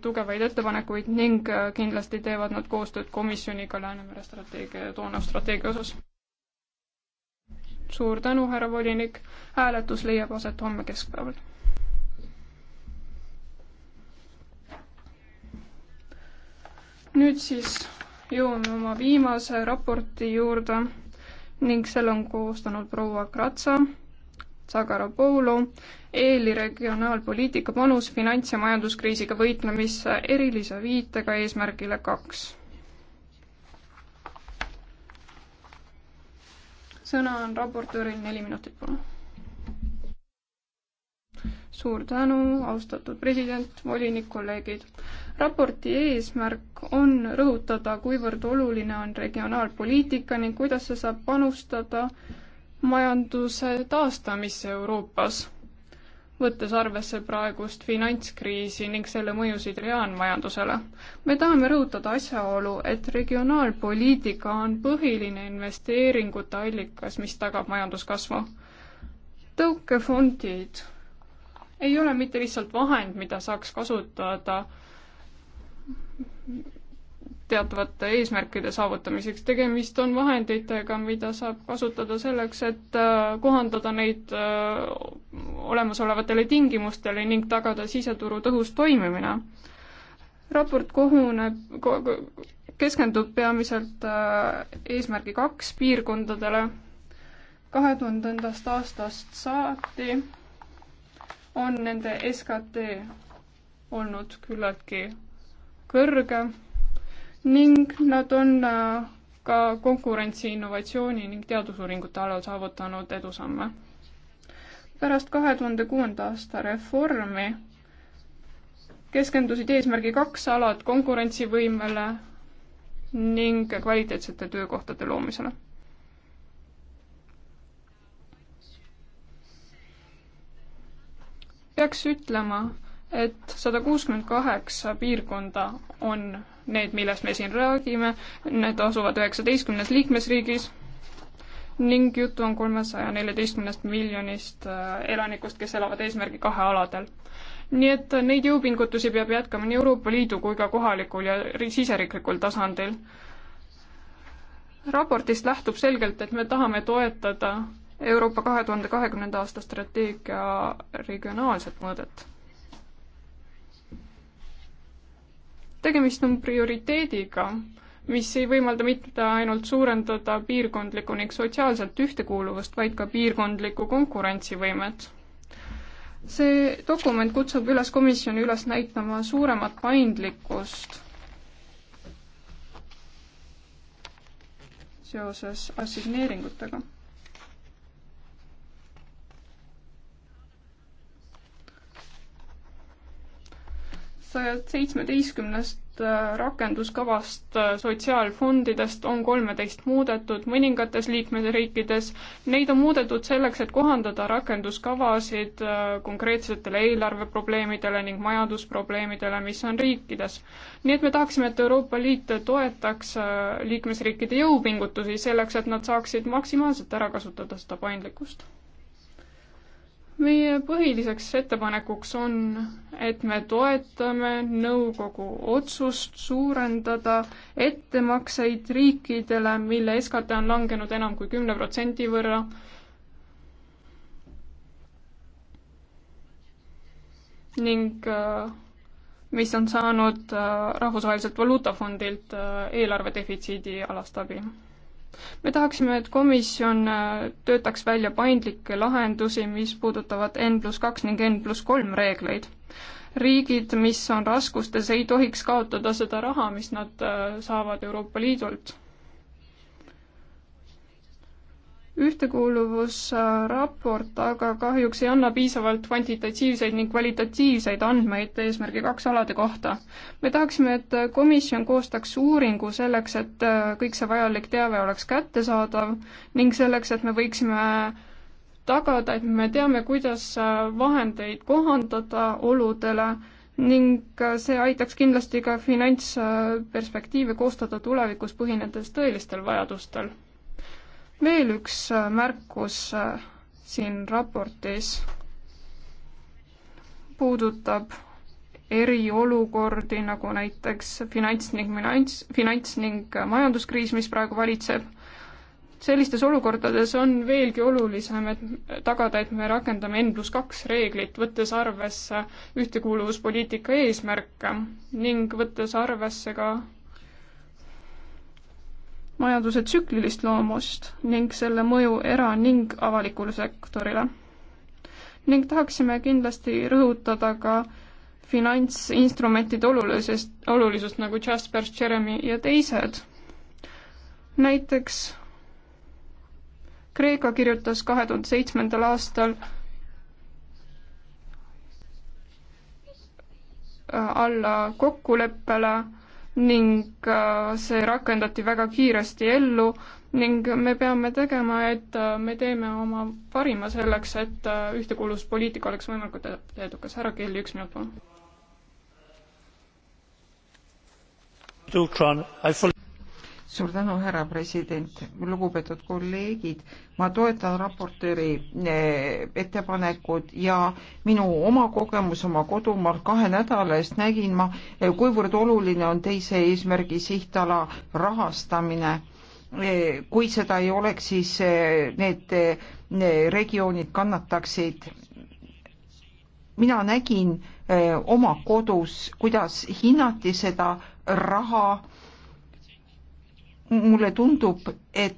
tugevaid ettepanekuid ning äh, kindlasti teevad nad koostööd komisjoniga Läänemere strateegia ja toona strateegia osas. suur tänu, härra volinik, hääletus leiab aset homme keskpäeval. nüüd siis jõuame oma viimase raporti juurde ning selle on koostanud proua Kratsa, Tsagaropoulou EL-i regionaalpoliitika panus finants- ja majanduskriisiga võitlemisse erilise viitega eesmärgile kaks. sõna on raportööril neli minutit, palun. suur tänu, austatud president, volinik, kolleegid. raporti eesmärk on rõhutada, kuivõrd oluline on regionaalpoliitika ning kuidas see saab panustada majanduse taastamisse Euroopas võttes arvesse praegust finantskriisi ning selle mõjusid reaalmajandusele. me tahame rõhutada asjaolu, et regionaalpoliitika on põhiline investeeringute allikas, mis tagab majanduskasvu. tõukefondid ei ole mitte lihtsalt vahend, mida saaks kasutada teatavate eesmärkide saavutamiseks. tegemist on vahenditega, mida saab kasutada selleks, et äh, kohandada neid äh, olemasolevatele tingimustele ning tagada siseturu tõhus toimimine. raport koguneb ko, keskendub peamiselt äh, eesmärgi kaks piirkondadele. kahe tuhandendast aastast saati on nende SKT olnud küllaltki kõrge ning nad on äh, ka konkurentsi, innovatsiooni ning teadusuuringute alal saavutanud edusamme. pärast kahe tuhande kuuenda aasta reformi keskendusid eesmärgi kaks alad konkurentsivõimele ning kvaliteetsete töökohtade loomisele. peaks ütlema, et sada kuuskümmend kaheksa piirkonda on need, millest me siin räägime, need asuvad üheksateistkümnes liikmesriigis ning juttu on kolmesaja neljateistkümnest miljonist äh, elanikust, kes elavad eesmärgi kahe aladel. nii et äh, neid jõupingutusi peab jätkama nii Euroopa Liidu kui ka kohalikul ja siseriiklikul tasandil. raportist lähtub selgelt, et me tahame toetada Euroopa kahe tuhande kahekümnenda aasta strateegia regionaalset mõõdet tegemist on prioriteediga, mis ei võimalda mitte ainult suurendada piirkondlikku ning sotsiaalset ühtekuuluvust, vaid ka piirkondlikku konkurentsivõimet. see dokument kutsub üles komisjoni üles näitama suuremat paindlikkust seoses assigneeringutega seitsmeteistkümnest äh, rakenduskavast äh, sotsiaalfondidest on kolmeteist muudetud mõningates liikmesriikides. Neid on muudetud selleks, et kohandada rakenduskavasid äh, konkreetsetele eelarveprobleemidele ning majandusprobleemidele, mis on riikides. nii et me tahaksime, et Euroopa Liit toetaks liikmesriikide jõupingutusi selleks, et nad saaksid maksimaalselt ära kasutada seda paindlikkust meie põhiliseks ettepanekuks on, et me toetame nõukogu otsust suurendada ettemakseid riikidele, mille SKT on langenud enam kui kümne protsendi võrra. ning äh, mis on saanud äh, Rahvusvaheliselt Valuutafondilt äh, eelarve defitsiidi alast abi me tahaksime, et komisjon äh, töötaks välja paindlikke lahendusi, mis puudutavad N pluss kaks ning N pluss kolm reegleid. riigid, mis on raskustes, ei tohiks kaotada seda raha, mis nad äh, saavad Euroopa Liidult. ühtekuuluvusraport aga kahjuks ei anna piisavalt kvantitatiivseid ning kvalitatiivseid andmeid eesmärgi kaks alade kohta. me tahaksime, et komisjon koostaks uuringu selleks, et äh, kõik see vajalik teave oleks kättesaadav ning selleks, et me võiksime tagada, et me teame, kuidas äh, vahendeid kohandada oludele ning äh, see aitaks kindlasti ka finantsperspektiive koostada tulevikus põhinedes tõelistel vajadustel veel üks äh, märkus äh, siin raportis puudutab eriolukordi, nagu näiteks finants ning finants, finants ning äh, majanduskriis, mis praegu valitseb. sellistes olukordades on veelgi olulisem, et tagada, et me rakendame N pluss kaks reeglit, võttes arvesse ühtekuuluvuspoliitika eesmärke ning võttes arvesse ka majanduse tsüklilist loomust ning selle mõju era- ning avalikule sektorile. ning tahaksime kindlasti rõhutada ka finantsinstrumentide olulisest, olulisust nagu Jaspers, Jeremy ja teised. näiteks Kreeka kirjutas kahe tuhande seitsmendal aastal äh, alla kokkuleppele ning äh, see rakendati väga kiiresti ellu ning me peame tegema, et äh, me teeme oma parima selleks, et äh, ühtekuuluvuspoliitika oleks võimalikult edukas. härra Kelly, üks minut palun suur tänu, härra president, lugupeetud kolleegid, ma toetan raportööri eh, ettepanekut ja minu oma kogemus oma kodumaal kahe nädala eest nägin ma, eh, kuivõrd oluline on teise eesmärgi sihtala rahastamine eh, kui seda ei oleks, siis need, need regioonid kannataksid. mina nägin oma kodus, kuidas hinnati seda raha mulle tundub, et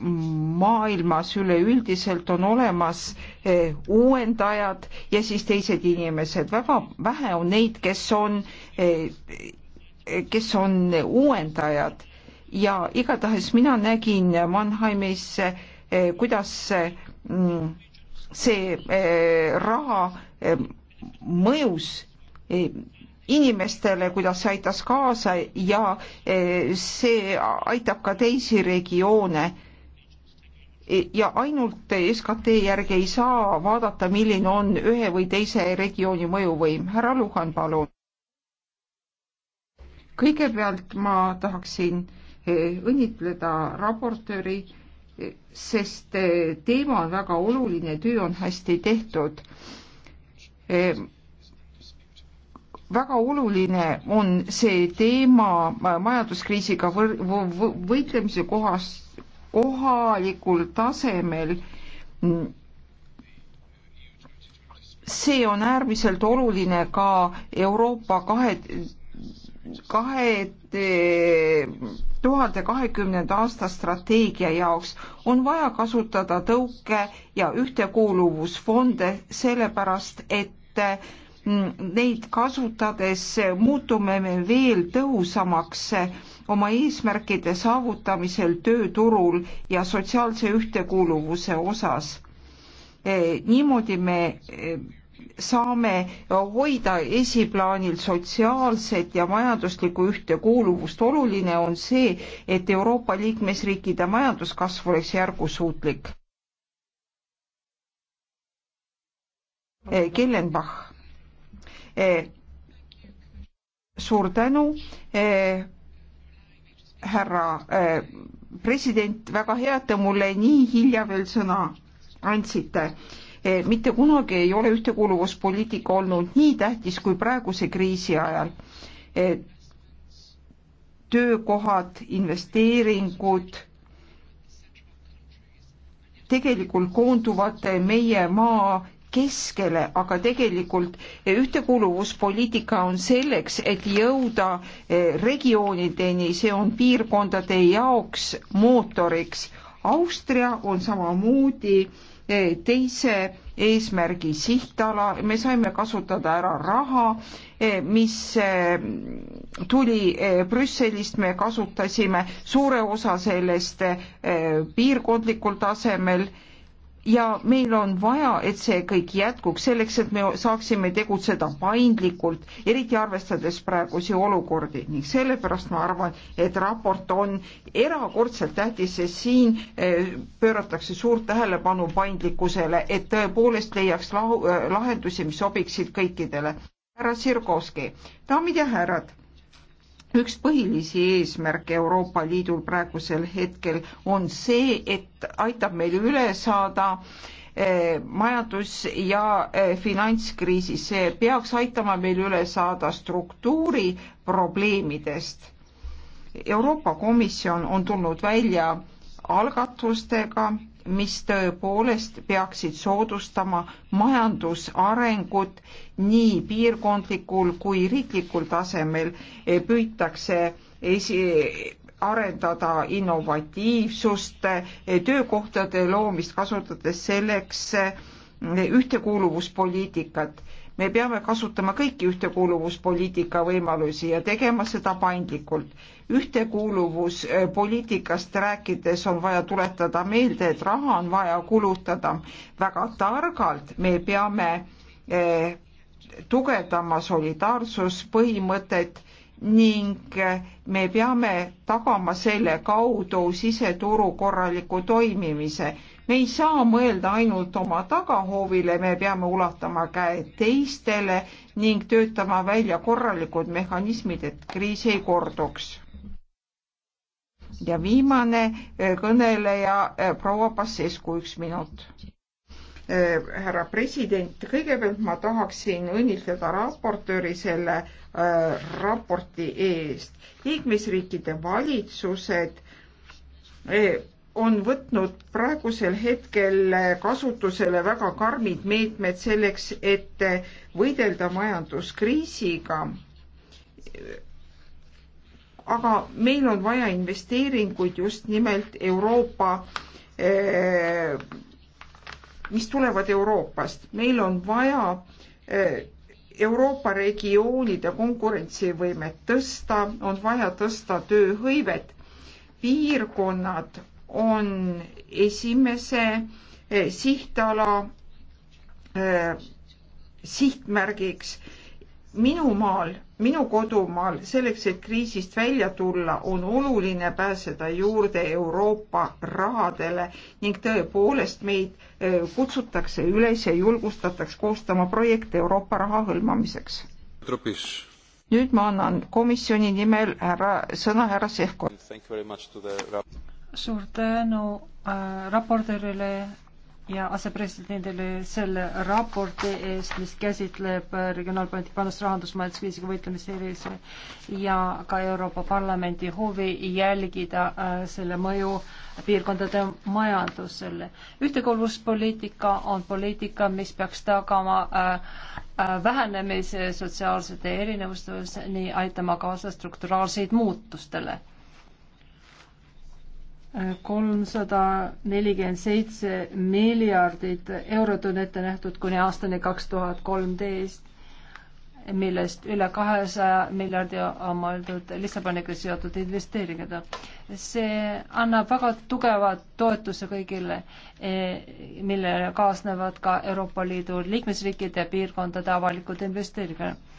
mm, maailmas üleüldiselt on olemas eh, uuendajad ja siis teised inimesed. väga vähe on neid, kes on, eh, kes on uuendajad ja igatahes mina nägin Mannheimis, eh, kuidas mm, see raha mõjus inimestele, kuidas see aitas kaasa ja e, see aitab ka teisi regioone. E, ja ainult SKT järgi ei saa vaadata, milline on ühe või teise regiooni mõjuvõim. härra Luhan, palun. kõigepealt ma tahaksin e, õnnitleda raportööri, sest teema on väga oluline, töö on hästi tehtud väga oluline on see teema majanduskriisiga võitlemise kohas, kohalikul tasemel. see on äärmiselt oluline ka Euroopa kahe, kahe tuhande kahekümnenda aasta strateegia jaoks on vaja kasutada tõuke ja ühtekuuluvusfonde sellepärast, et Mm, neid kasutades muutume me veel tõhusamaks oma eesmärkide saavutamisel tööturul ja sotsiaalse ühtekuuluvuse osas. E, niimoodi me e, saame hoida esiplaanil sotsiaalset ja majanduslikku ühtekuuluvust. oluline on see, et Euroopa liikmesriikide majanduskasv oleks järgusuutlik. E, Kellenbach E, suur tänu, e, härra e, president, väga hea, et te mulle nii hilja veel sõna andsite. mitte kunagi ei ole ühtekuuluvuspoliitika olnud nii tähtis kui praeguse kriisi ajal. töökohad, investeeringud tegelikult koonduvad meie maa keskele, aga tegelikult eh, ühtekuuluvuspoliitika on selleks, et jõuda eh, regioonideni, see on piirkondade jaoks mootoriks. Austria on samamoodi eh, teise eesmärgi sihtala, me saime kasutada ära raha, mis tuli Brüsselist, me kasutasime suure osa sellest piirkondlikul tasemel ja meil on vaja, et see kõik jätkuks selleks, et me saaksime tegutseda paindlikult, eriti arvestades praegusi olukordi ning sellepärast ma arvan, et raport on erakordselt tähtis, sest siin eh, pööratakse suurt tähelepanu paindlikkusele, et tõepoolest leiaks lahu, lahendusi, mis sobiksid kõikidele. härra Sirkovski, daamid ja härrad üks põhilisi eesmärke Euroopa Liidul praegusel hetkel on see, et aitab meil üle saada eh, majandus- ja eh, finantskriisis, see peaks aitama meil üle saada struktuuriprobleemidest. Euroopa Komisjon on tulnud välja algatustega mis tõepoolest peaksid soodustama majandusarengut nii piirkondlikul kui riiklikul tasemel. Eh, püütakse esi-, arendada innovatiivsust, eh, töökohtade loomist, kasutades selleks eh, ühtekuuluvuspoliitikat me peame kasutama kõiki ühtekuuluvuspoliitika võimalusi ja tegema seda paindlikult. ühtekuuluvuspoliitikast rääkides on vaja tuletada meelde, et raha on vaja kulutada väga targalt, me peame eh, tugevdama solidaarsuspõhimõtet ning eh, me peame tagama selle kaudu siseturu korraliku toimimise me ei saa mõelda ainult oma tagahoovile, me peame ulatama käed teistele ning töötama välja korralikud mehhanismid, et kriis ei korduks. ja viimane eh, kõneleja, eh, proua Passescu, üks minut eh, härra president, kõigepealt ma tahaksin õnnitleda raportööri selle äh, raporti eest. liikmesriikide valitsused äh, on võtnud praegusel hetkel kasutusele väga karmid meetmed selleks, et võidelda majanduskriisiga. aga meil on vaja investeeringuid just nimelt Euroopa, eh, mis tulevad Euroopast. meil on vaja eh, Euroopa regioonide konkurentsivõimet tõsta, on vaja tõsta tööhõivet. piirkonnad on esimese eh, sihtala eh, sihtmärgiks minu maal, minu kodumaal, selleks, et kriisist välja tulla, on oluline pääseda juurde Euroopa rahadele ning tõepoolest meid eh, kutsutakse üles ja julgustatakse koostama projekte Euroopa raha hõlmamiseks. nüüd ma annan komisjoni nimel härra, sõna härra Sehkole suur tänu äh, raportöörile ja asepresidendile selle raporti eest, mis käsitleb äh, regionaalpoliitika panust rahandusmajanduskriisiga võitlemisele ja ka Euroopa Parlamendi huvi jälgida äh, selle mõju piirkondade majandusele. ühtekuuluvuspoliitika on poliitika, mis peaks tagama äh, vähenemise sotsiaalsete erinevustes, nii aitama kaasa strukturaalseid muutustele kolmsada nelikümmend seitse miljardit eurot on ette nähtud kuni aastani kaks tuhat kolmteist, millest üle kahesaja miljardi on mõeldud Lissaboniga seotud investeeringud. see annab väga tugeva toetuse kõigile, e, millele kaasnevad ka Euroopa Liidu liikmesriikide ja piirkondade avalikud investeeringud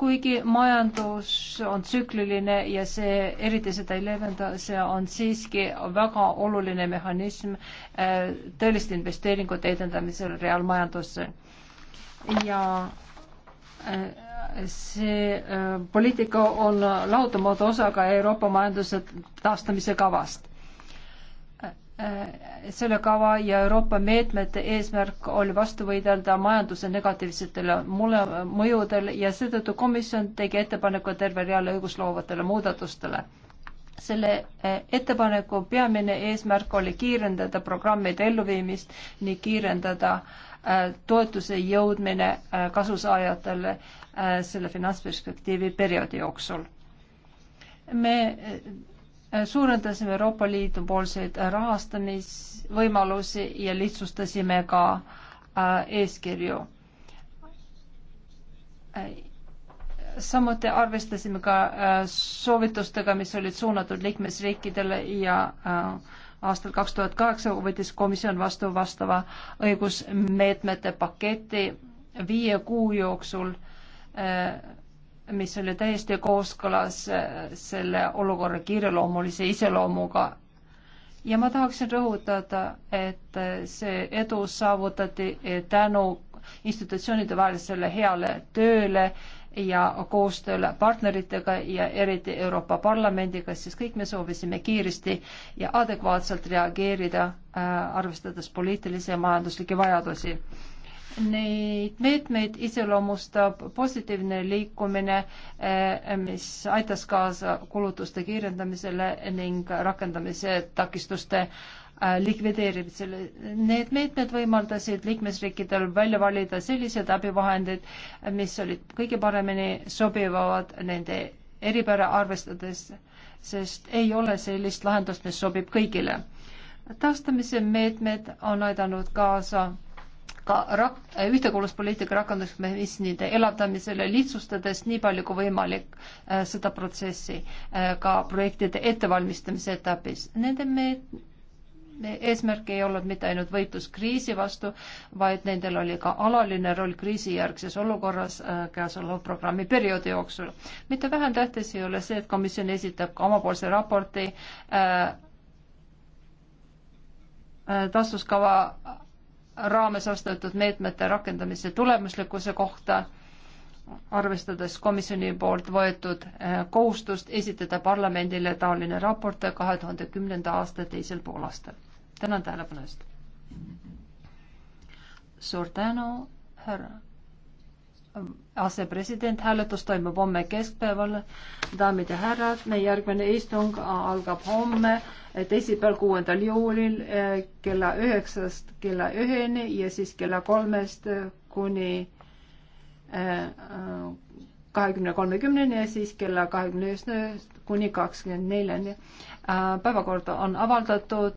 kuigi majandus on tsükliline ja see eriti seda ei leevenda, see on siiski väga oluline mehhanism äh, tõeliste investeeringute edendamisel reaalmajandusse. ja äh, see äh, poliitika on lahutamatu osa ka Euroopa majanduse taastamise kavast Äh, selle kava ja Euroopa meetmete eesmärk oli vastu võidelda majanduse negatiivsetele mule, mõjudel ja seetõttu komisjon tegi ettepaneku terve reale õigusloovatele muudatustele. selle äh, ettepaneku peamine eesmärk oli kiirendada programmide elluviimist ning kiirendada äh, toetuse jõudmine kasusaajatele selle finantsperspektiivi perioodi jooksul. me Äh, suurendasime Euroopa Liidu poolseid äh, rahastamisvõimalusi ja lihtsustasime ka äh, eeskirju. samuti arvestasime ka soovitustega, mis olid suunatud liikmesriikidele ja aastal kaks tuhat kaheksa võttis komisjon vastu vastava õigusmeetmete paketi viie kuu jooksul mis oli täiesti kooskõlas äh, selle olukorra kiireloomulise iseloomuga. ja ma tahaksin rõhutada, et äh, see edu saavutati äh, tänu institutsioonide vahelisele heale tööle ja koostööle partneritega ja eriti Euroopa Parlamendiga, sest kõik me soovisime kiiresti ja adekvaatselt reageerida, arvestades poliitilisi ja majanduslikke vajadusi Neid meetmeid iseloomustab positiivne liikumine, eh, mis aitas kaasa kulutuste kiirendamisele ning rakendamise takistuste eh, likvideerimisele. Need meetmed võimaldasid liikmesriikidel välja valida sellised abivahendid, mis olid kõige paremini sobivad nende eripära arvestades, sest ei ole sellist lahendust, mis sobib kõigile. taastamise meetmed on aidanud kaasa ka rak-, ühtekuuluvuspoliitika rakendusmehhanismide elavdamisele, lihtsustades nii palju kui võimalik äh, seda protsessi äh, ka projektide ettevalmistamise etapis. Nende meet-, eesmärk ei olnud mitte ainult võitlus kriisi vastu, vaid nendel oli ka alaline roll kriisijärgses olukorras äh, käesoleva programmi perioodi jooksul. mitte vähem tähtis ei ole see, et komisjon esitab ka omapoolse raporti äh, äh taastuskava raames vastu võetud meetmete rakendamise tulemuslikkuse kohta, arvestades komisjoni poolt võetud eh, kohustust esitada parlamendile taoline raport kahe tuhande kümnenda aasta teisel poolaastal. tänan tähelepanu eest. suur tänu, härra asepresident, hääletus toimub homme keskpäeval. daamid ja härrad, meie järgmine istung algab homme, teisipäeval, kuuendal juulil kella üheksast kella üheni ja siis kella kolmest kuni äh, kahekümne kolmekümneni ja siis kella kahekümne ühest kuni kakskümmend neljani. Äh, päevakord on avaldatud.